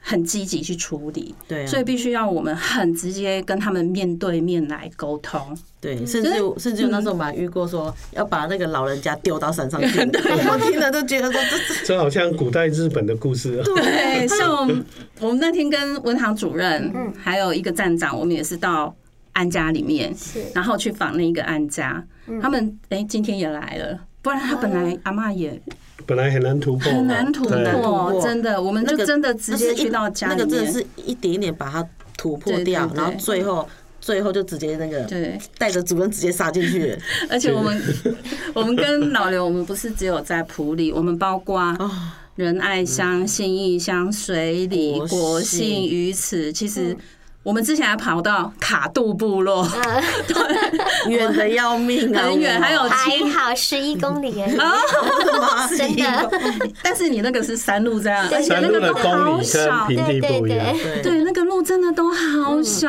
[SPEAKER 4] 很積極去處理。對、嗯，所以必須要我們很直接跟他們面對面來溝通、啊、通。
[SPEAKER 3] 對，嗯、甚至甚至有
[SPEAKER 4] 那時候我們遇過說要把那個老人家丟到山上去，我、嗯、聽
[SPEAKER 3] 了都覺得說
[SPEAKER 2] 這 好像古代日本的故事啊，對
[SPEAKER 4] 啊。 對，像我們， 我們那天跟文行主任，嗯，還有一個站長，我們也是到。安家裡面，是，然後去訪那個安家，他們哎、欸、今天也來了，不然他本來、啊、阿媽也
[SPEAKER 3] 本來很難突破，很難突破，真的，
[SPEAKER 4] 我們就真的直接去到家裡面，那、那個真的是
[SPEAKER 3] 一點一點把它突破掉對對對，然後最後、嗯、最後就直接那個
[SPEAKER 4] 帶着主人直接殺進去，而且我們我們跟老劉，我們不是只有在埔里， 我們包括仁愛鄉、信、嗯、義鄉、水里、國姓魚池，其實、嗯。我們之前還跑到卡杜部落，遠得要命啊，很遠。還有還好十一公里耶 真的。 但是你那個是山路這樣，山路的公里數平。對，對，對，對，對，那個路真的都好小。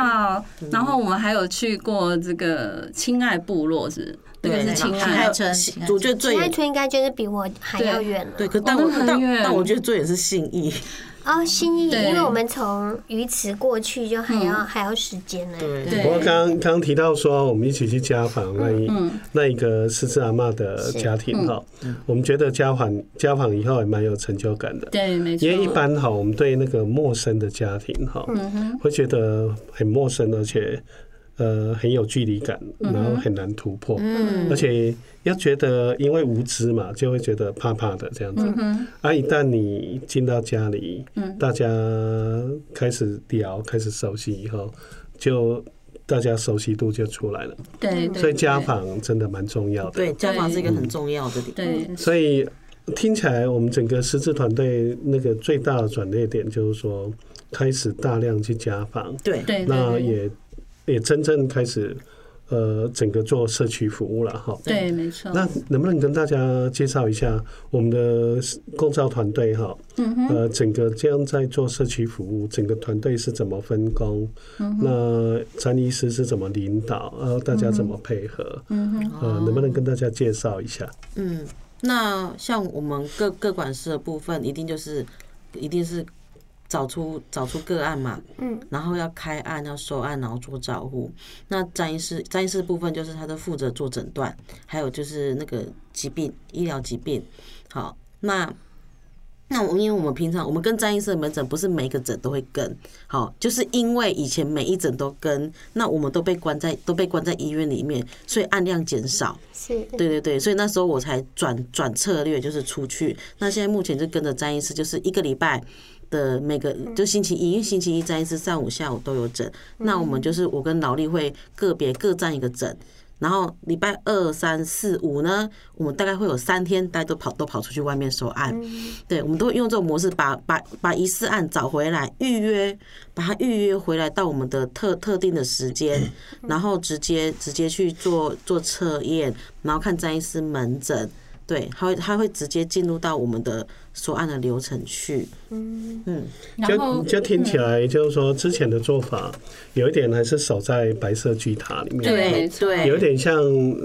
[SPEAKER 4] 對對對，然後我們還有去過這個親愛部落是，是那、這個是親愛、嗯愛、這個、愛、愛村。我覺得最愛村應該就是比
[SPEAKER 1] 我還要遠了。對。對，可但我但、哦、但我
[SPEAKER 4] 覺得最也是信義。
[SPEAKER 1] 哦，心意，因為我們從魚池過去就還要、嗯、還要時間呢、啊。對，不過，剛剛
[SPEAKER 2] 剛提到說，我們一起去家訪、嗯，那一個失智阿嬤的家庭哈、嗯，我們覺得家訪家訪以後還蠻有成就感的。對，
[SPEAKER 6] 沒錯。因為一般
[SPEAKER 2] 哈，我們對那個陌生的家庭哈，會覺得很陌生，而且。呃，很有距離感，然後很難突破，而且要覺得因為無知嘛，就會覺得怕怕的這樣子。啊，而一旦你進到家裡，大家開始聊，開始熟悉以後，就大家熟悉度就出來了。對，所以家訪真的蠻重要的。對，
[SPEAKER 3] 家訪是一個很重要的點。
[SPEAKER 2] 對，所以聽起來我們整個失智團隊那個最大的轉捩點，就是說開始大量去家訪。對，那也。也真正開始，呃，整個做社區服務了哈。對，沒錯。那能不能跟大家介紹一下我們的工作團隊哈？嗯哼。呃，整個這樣在做社區服務，整個團隊是怎麼分工？嗯哼。那詹醫師是怎麼領導？呃，大家怎麼配合？嗯
[SPEAKER 7] 哼。嗯哼。呃，能不
[SPEAKER 2] 能跟大家介紹一下？嗯，
[SPEAKER 7] 那
[SPEAKER 3] 像我們個個管師的部分，一定就是，一定是。找出找出個案嘛，嗯，然後要開案要收案，然後做照護。那詹醫師詹醫師部分就是他都負責做診斷，還有就是那個疾病醫療疾病。好，那那我因為我們平常我們跟詹醫師的門診不是每一個診都會跟，好，就是因為以前每一診都跟，那我們都被關在都被關在醫院裡面，所以案量減少。
[SPEAKER 7] 是，對對
[SPEAKER 3] 對，所以那時候我才轉轉策略，就是出去。那現在目前就跟着詹醫師，就是一個禮拜的每個就星期一，因為星期一詹醫師上午下午都有診，那我們就是我跟莉莉會個別各占一個診，然後禮拜二三四五呢，我們大概會有三天，大家都跑都跑出去外面收案，對，我們都會用這種模式把把把疑似案找回來預約，把它預約回來到我們的特特定的時間，然後直接直接去做做測驗，然後看詹醫師門診。對，它會它會直接進入到我們的收案的流程去。嗯
[SPEAKER 5] 嗯，就就聽起
[SPEAKER 2] 來就是說，之前的做法有一點還是守在白色巨塔裡面，對對，有一點像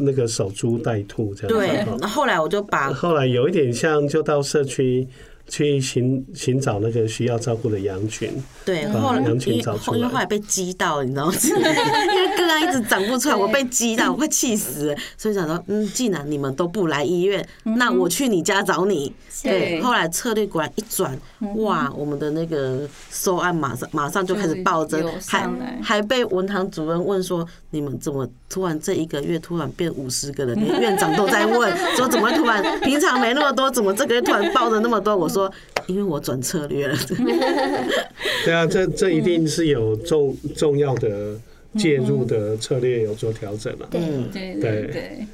[SPEAKER 2] 那個守株待兔這樣。對，然後，對
[SPEAKER 3] 然後，後來我就
[SPEAKER 2] 把後來有一點像就到社區去尋尋找那個需要照顧的羊群。
[SPEAKER 3] 對，後來因為、嗯、後來被激到，嗯、你知道嗎？ 因為個案一直長不出來，我被激到，我快氣死了。所以想說，嗯，既然你們都不來醫院，嗯、那我去你家找你。對，對後來策略果然一轉、嗯，哇，我們的那個收案馬上馬上就開始爆增，還還被文堂主任問說，你們怎麼突然這一個月突然變五十個人？連院長都在問， 說怎麼突然平常沒那麼多，怎麼這個月突然爆的那麼多？我說，因為我轉策略了。
[SPEAKER 2] 那、啊、這這一定是有重重要的介入的策略有做調整嘛、啊？嗯，對對
[SPEAKER 4] 對。對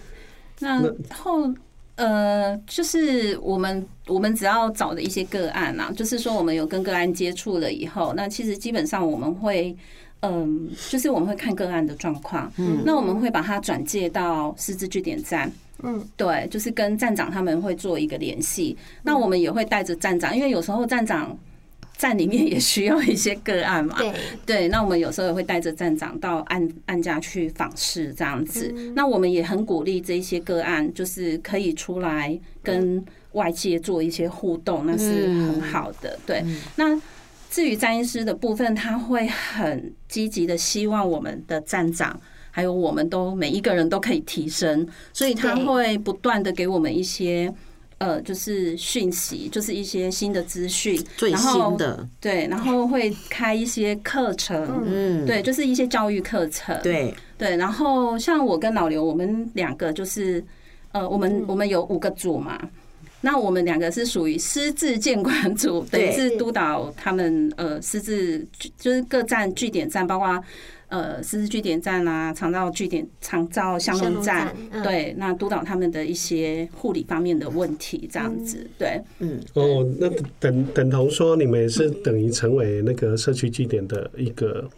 [SPEAKER 4] 那，那後呃，就是我們我們只要找的一些個案啊，就是說我們有跟個案接觸了以後，那其實基本上我們會嗯、呃，就是我們會看個案的狀況。嗯，那我們會把它轉介到失智據點站。嗯，對，就是跟站長他們會做一個聯繫。嗯、那我們也會帶着站長，因為有時候站長。站裡面也需要一些個案嘛，對，那我們有時候也會帶着站長到案案家去訪視這樣子。那我們也很鼓勵這一些個案，就是可以出來跟外界做一些互動，那是很好的。對，那至於站醫師的部分，他會很積極的，希望我們的站長還有我們都每一個人都可以提升，所以他會不斷的給我們一些。呃，就是訊息，就是一些新的資訊，最新的，然後對，然後會開一些課程， 嗯，對，就是一些教育課程，對對。然後像我跟老劉，我們兩個就是呃，我們我們有五個組嘛、嗯，那我們兩個是屬於師資監管組，等於是督導他們呃，師資就是各站據點站，包括。呃，社區據點站啦、啊，長照據點、長照巷弄站，對，那督導他們的一些護理方面的問題，這樣子，對，嗯。
[SPEAKER 2] 嗯哦，那等等同說，你們是等於成為那個社區據點的一個。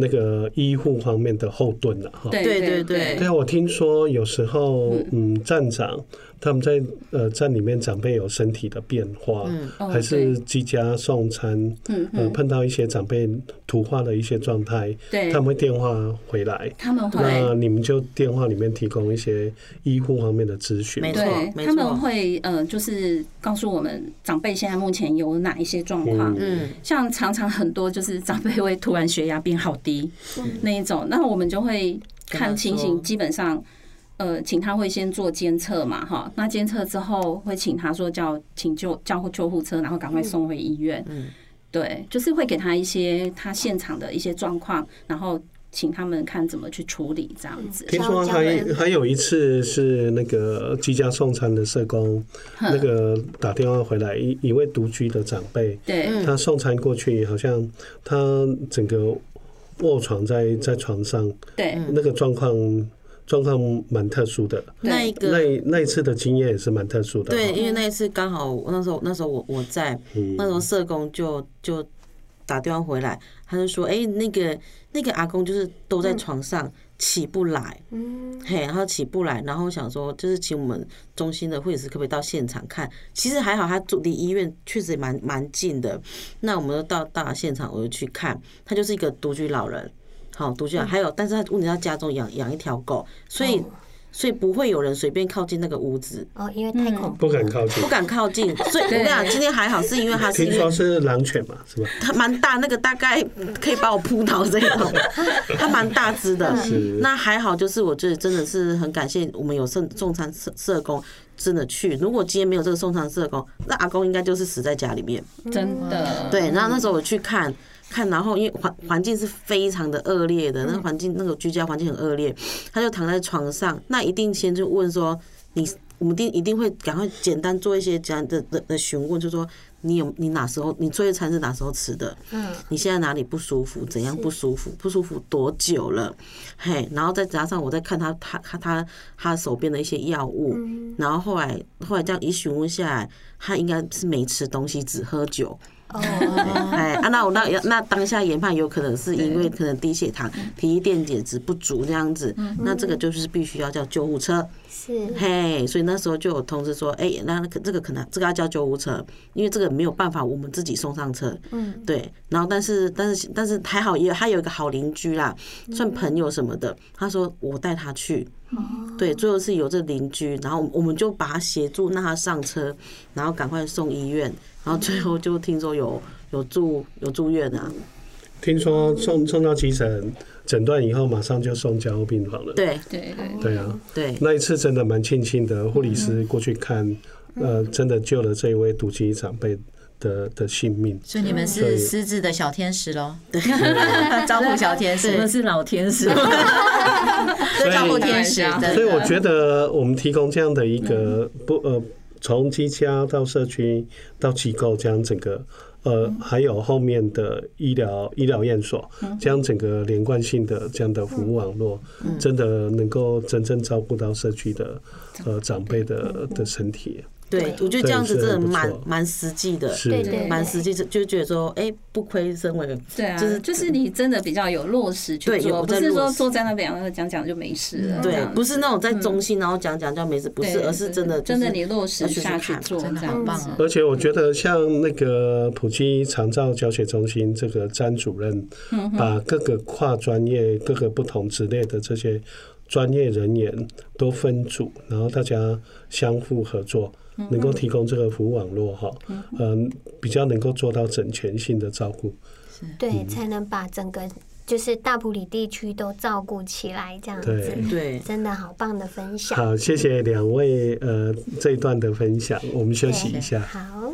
[SPEAKER 2] 那個醫護方面的後盾了、啊、哈，對對對、對。對，我聽說有時候，嗯，站長他們在呃站裡面長輩有身體的變化，嗯、還是居家送餐，嗯、呃、嗯，碰到一些長輩突發的一些狀態，對、嗯嗯，他們會電話回來，他們會，那你們就電話裡面提供一些醫護方面的諮詢，沒錯，他
[SPEAKER 4] 們會，呃，就是告訴我們長輩現在目前有哪一些狀況，嗯，嗯，像常常很多就是長輩會突然血壓變好。那一種，那我們就會看情形，基本上，呃，請他會先做監測嘛，哈，那監測之後會請他說叫請救叫救護車，然後趕快送回醫院。嗯，對，就是會給他一些他現場的一些狀況，然後請他們看怎麼去處理這樣子。聽說還還
[SPEAKER 2] 有一次是那個居家送餐的社工，那個打電話回來一一位獨居的長輩，對，他送餐過去，好像他整個。臥床在在床上，對，那個狀況狀況蠻特殊的。那一個，那那一次的經驗也是蠻特殊的。對，因為
[SPEAKER 5] 那
[SPEAKER 3] 一次剛好，那時候那時候我我在、嗯、那時候社工就就打電話回來，他就說：“哎、欸，那個那個阿公就是都在床上。嗯”起不來，嗯，嘿，然後起不來，然後想說就是請我們中心的護士可不可以到現場看。其實還好，他住離醫院確實蠻蠻近的。那我們就到到現場我就去看，他就是一個獨居老人，好、哦、獨居老人、嗯，還有但是他問題他家中養養一條狗，所以。所以不會有人隨便靠近那個屋子哦，因為太恐怖，不敢靠近，不敢靠近。所以，我跟你講，今天還好，是因為他是聽說是
[SPEAKER 2] 狼犬嘛，是
[SPEAKER 3] 吧？它蠻大，那個大概可以把我撲倒這樣。它蠻大隻的。那還好，就是我覺得真的是很感謝我們有送送餐社社工真的去。如果今天沒有這個送餐社工，那阿公應該就是死在家裡面。真的，對。然後那時候我去看。看，然後因為環環境是非常的惡劣的，那環境那個居家環境很惡劣，他就躺在床上，那一定先就問說，你我們定，一定會趕快簡單做一些這樣的的的詢問，就是說你有你哪時候你最一餐是哪時候吃的？嗯，你現在哪裡不舒服？怎樣不舒服？不舒服多久了？嘿，然後再加上我在看他他他他，他手邊的一些藥物，然後後來後來這樣一詢問下來，他應該是沒吃東西，只喝酒。哦， 哎，啊，那我那那當下研判有可能是因為可能低血糖、體液電解質不足這樣子，那這個就是必須要叫救護車。是，嘿，所以那時候就有通知說，哎，那可這個可能這個要叫救護車，因為這個沒有辦法，我們自己送上車。嗯，對。然後，但是，但是，但是還好也，也有他有一個好鄰居啦，
[SPEAKER 5] 算朋友
[SPEAKER 3] 什麼的。他說我帶他去。嗯。對，最後是有這鄰居，然後我們就把他協助，讓他上車，然後趕快送醫院。然後最後就聽說有有住有住院啊，
[SPEAKER 2] 聽說送送到急診，診斷以後，馬上就送加護病房了。對對對，對。啊。對。那一次真的蠻慶幸的，護理師過去看，呃，真的救了這一位獨居長輩的的性命。嗯。所以你們是失
[SPEAKER 7] 智的小天使嘍？對，招呼小天使對對是，是老
[SPEAKER 4] 天使。所以招
[SPEAKER 7] 呼天使啊！所以我覺
[SPEAKER 2] 得我們提供這樣的一個呃，從居家到社區到機構這樣整個。呃，還有後面的醫療醫療院所，這樣整個連貫性的這樣的服務網絡，真的能夠真正照顧到社區的呃長輩的的身體。
[SPEAKER 5] 對，我覺得
[SPEAKER 3] 這樣子真的蠻蠻實際的，蠻實際，的，就覺得說，哎、欸，不虧身為對對對、
[SPEAKER 4] 就是，對啊，就是就是你真的比較有落實去做，對不是說坐在那邊講講講就沒事了，對，
[SPEAKER 3] 不是那種在中心然後講講就沒事，不是，對對對而是真的、就是、對對對真的你落實下去做對對對，真的很棒。
[SPEAKER 2] 而且我覺得像那個埔基長照教學中心這個詹主任，把各個跨專業、各個不同職類的這些專業人員都分組，然後大家相互合作。能夠提供這個服務網絡哈，嗯嗯，嗯，比較能夠做到整全性的照顧，嗯，對，才
[SPEAKER 1] 能把整個就是大埔里地區都照顧起來這樣子，對，真的好棒的分享。好，謝
[SPEAKER 2] 謝兩位，呃，這一段的分享，我們休
[SPEAKER 1] 息一下。
[SPEAKER 5] 好。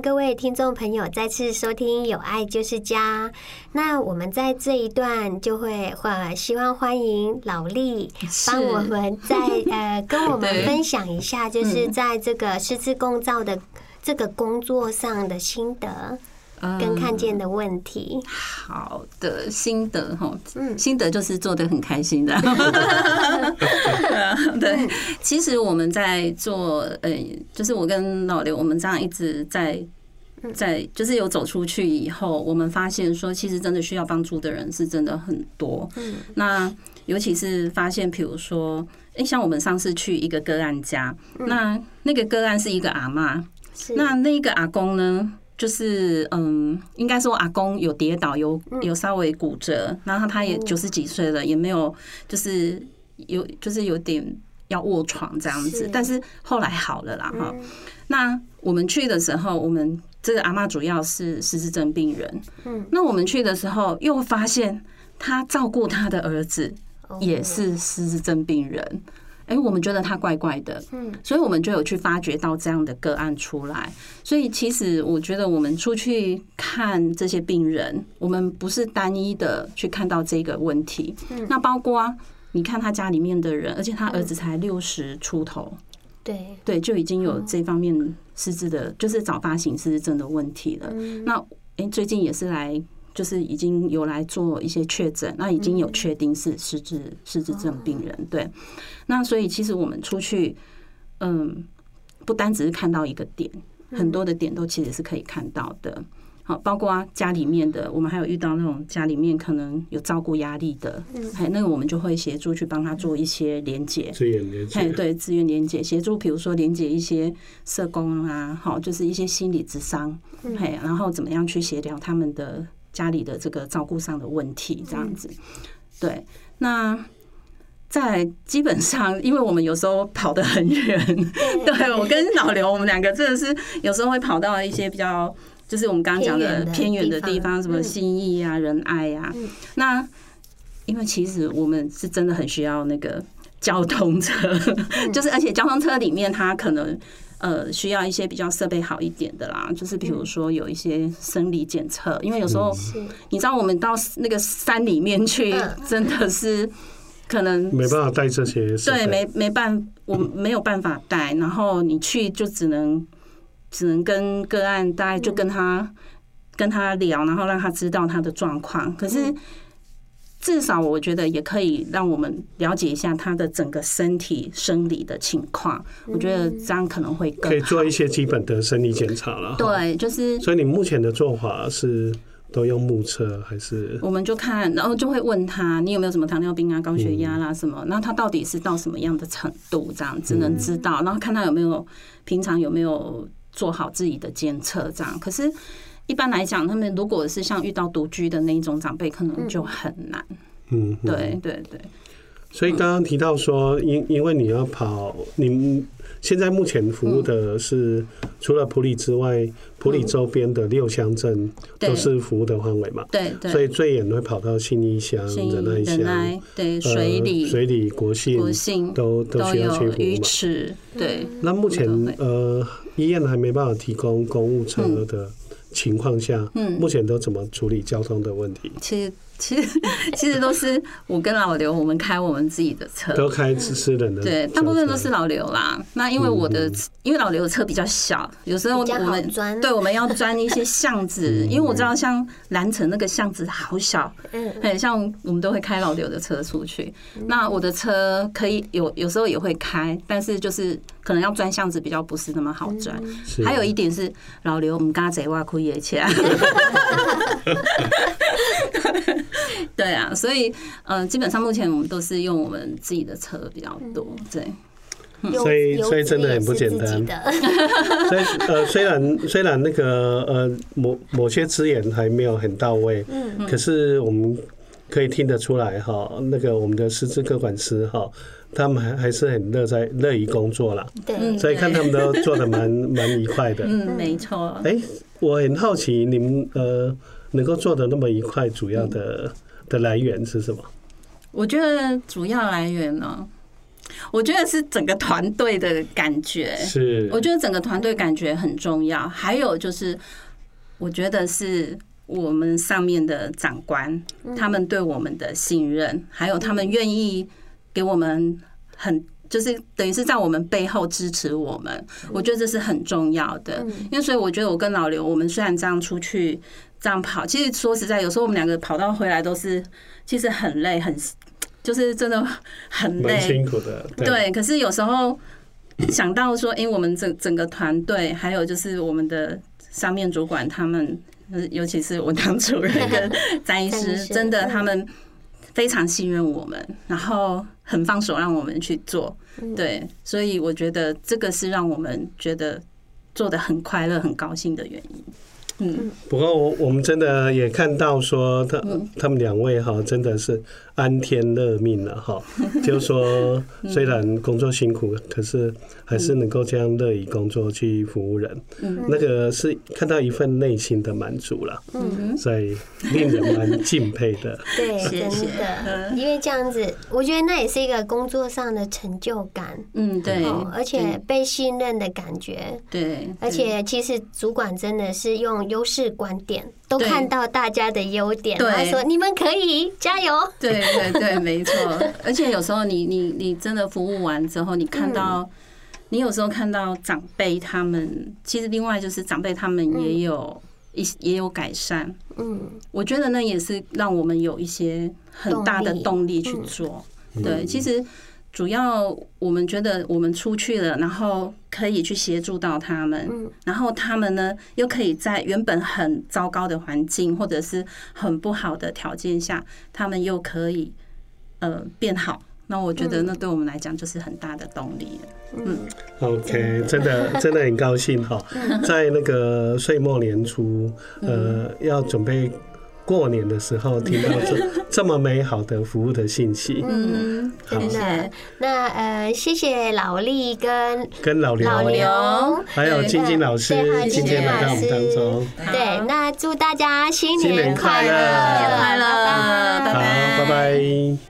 [SPEAKER 1] 各位聽眾朋友，再次收聽《有愛就是家》。那我們在這一段就會，呃，希望歡迎老莉幫我們在，呃，跟我們分享一下，就是在這個失智共照的這個工作上的心得。跟看見的問
[SPEAKER 4] 題，嗯、好的心得哈、哦嗯，心得就是做得很開心的、 嗯嗯。對，其實我們在做，嗯、欸，就是我跟老劉，我們這樣一直在在，就是有走出去以後，我們發現說，其實真的需要幫助的人是真的很多。嗯，那尤其是發現，比如說，哎、欸，像我們上次去一個個案家，那那個個案是一個阿嬤、嗯，那那個阿公呢？就是嗯，應該是我阿公有跌倒，有有稍微骨折，然後他也九十幾歲了，也沒有就是有就是有點要臥床這樣子，但是後來好了啦哈、嗯。那我們去的時候，我們這個阿嬤主要是失智症病人、嗯，那我們去的時候又發現他照顧他的兒子也是失智症病人。嗯嗯哎、欸，我們覺得他怪怪的，嗯，所以我們就有去發掘到這樣的個案出來。所以其實我覺得我們出去看這些病人，我們不是單一的去看到這個問題。嗯，那包括啊，你看他家裡面的人，而且他兒子才六十出頭，嗯、對對，就已經有這方面失智的，就是早發型失智症的問題了。那哎、欸，最近也是來。就是已經有來做一些確診，那已經有確定是失智、嗯、失智症病人。對，那所以其實我們出去，嗯，不單只是看到一個點，很多的點都其實是可以看到的。好，包括家裡面的，我們還有遇到那種家裡面可能有照顧壓力的，有、嗯、那個我們就會協助去幫他做一些連結，資
[SPEAKER 5] 源連結，哎，
[SPEAKER 4] 對，資源連結協助，比如說連結一些社工啊，好，就是一些心理諮商，哎、嗯，然後怎麼樣去協調他們的。家裡的這個照顧上的問題，這樣子，對，那在基本上，因為我們有時候跑得很遠、嗯， 對我跟老劉，我們兩個真的是有時候會跑到一些比較，就是我們剛剛講的偏遠的地方，什麼信義啊、仁愛啊，那因為其實我們是真的很需要那個交通車，就是而且交通車裡面它可能。呃，需要一些比較設備好一點的啦，就是比如說有一些生理檢測，因為有時候你知道我們到那個山裡面去，真的是可能沒，沒
[SPEAKER 2] 辦法帶這些，對，沒
[SPEAKER 4] 沒辦，我沒有辦法帶，然後你去就只能只能跟個案，大概就跟他跟他聊，然後讓他知道他的狀況，可是。至少我覺得也可以讓我們了解一下他的整個身體生理的情況，嗯。我覺得這樣可能會更好。可以做
[SPEAKER 2] 一些基本的生理檢查了。對，就是。所以你目前的做法是都用目測還是？我
[SPEAKER 4] 們就看，然後就會問他，你有沒有什麼糖尿病啊、高血壓啦、啊、什麼？那，嗯、他到底是到什麼樣的程度？這樣只能知道、嗯，然後看他有沒有平常有沒有做好自己的監測。這樣可是。一般來講，他們如果是像遇到獨居的那一種長輩，可能就很難。
[SPEAKER 2] 嗯，對
[SPEAKER 4] 對對。
[SPEAKER 2] 所以剛剛提到說，因因為你要跑，你現在目前服務的是除了埔里之外，埔里周邊的六鄉鎮都是服務的範圍嘛？對對。所以最遠會跑到信義鄉的仁愛鄉，對
[SPEAKER 4] 水里、水
[SPEAKER 2] 里國姓、國姓都都需要去服務。對。那目前呃，醫院還沒辦法提供公務車的情況下，目前都怎麼處理交通的問題，嗯。
[SPEAKER 4] 其實，其實，其實都是我跟老劉，我們開我們自己的車，都
[SPEAKER 2] 開私人的。對，
[SPEAKER 4] 大部分都是老劉啦，嗯。那因為我的，嗯、因為老劉的車比較小，有時候我們對我們要鑽一些巷子、嗯，因為我知道像藍城那個巷子好小。
[SPEAKER 5] 嗯。很像
[SPEAKER 4] 我們都會開老劉的車出去。那我的車可以有，有時候也會開，但是就是。可能要鑽巷子比較不是那麼好鑽，嗯，還有一點是老劉我們剛賊挖褲也錢，對啊，所以、呃、基本上目前我們都是用我們自己的車比較多，嗯、對、嗯，所以所以真的很不簡單， 所以
[SPEAKER 2] 呃雖然雖然那個呃某某些資源還沒有很到位，嗯，可是我們可以聽得出來哈、嗯，那個我們的師資個管師哈。他們還還是很樂在樂於工作啦，
[SPEAKER 4] 所以看他們都做
[SPEAKER 2] 得蠻蠻愉快的。嗯，沒錯。哎，我很好奇，你們呃能夠做得那麼愉快，主要的的來源是什麼？
[SPEAKER 4] 我覺得主要來源呢、喔，我覺得是整個團隊的感覺。
[SPEAKER 5] 是，我覺
[SPEAKER 4] 得整個團隊感覺很重要。還有就是，我覺得是我們上面的長官，他們對我們的信任，還有他們願意。給我們很就是等於是在我們背後支持我們，我覺得這是很重要的。因為所以我覺得我跟老劉，我們雖然這樣出去這樣跑，其實說實在，有時候我們兩個跑到回來都是其實很累，很就是真的很累，很辛
[SPEAKER 5] 苦的。對。
[SPEAKER 4] 可是有時候想到說，因為我們整整個團隊，還有就是我們的上面主管他們，尤其是我當主任跟詹醫師，真的他們非常信任我們，然後。很放手，讓我們去做，對，所以我覺得這個是讓我們覺得做的很快樂、很高興的原因。嗯，
[SPEAKER 2] 不過我我們真的也看到說，他他們兩位哈，真的是。安天樂命了、啊、哈，就是、說雖然工作辛苦，可是還是能夠這樣樂意工作去服務人、嗯，那個是看到一份內心的滿足了、嗯，所以令人蠻敬佩的。嗯、對，
[SPEAKER 1] 謝謝 真的，因為這樣子，我覺得那也是一個工作上的成就感。嗯，對，而且被信任的感覺。對，對而且其實主管真的是用優勢觀點，都看到大家的優點，對，他說你
[SPEAKER 4] 們可以加油。對。 對對，對，沒錯。而且有時候你你你真的服務完之後，你看到，你有時候看到長輩他們，其實另外就是長輩他們也有一也有改善。嗯，我覺得那也是讓我們有一些很大的動力去做。對，其實。主要我們覺得我們出去了，然後可以去協助到他們，然後他們呢又可以在原本很糟糕的環境或者是很不好的條件下，他們又可以呃變好。那我覺得那對我們來講就是很大的動力了。嗯
[SPEAKER 2] ，OK，真的真的很高興哈， 在那個歲末年初，呃，要準備。過年的時候聽到這這麼美好的服務的信息， 嗯，好的，
[SPEAKER 1] 好那呃，謝謝老李跟
[SPEAKER 2] 跟老劉老劉，還有晶晶老師、嗯、今天來到我們當中
[SPEAKER 1] 謝謝，對，那祝大家新年快樂，新年
[SPEAKER 2] 快樂，好，拜拜。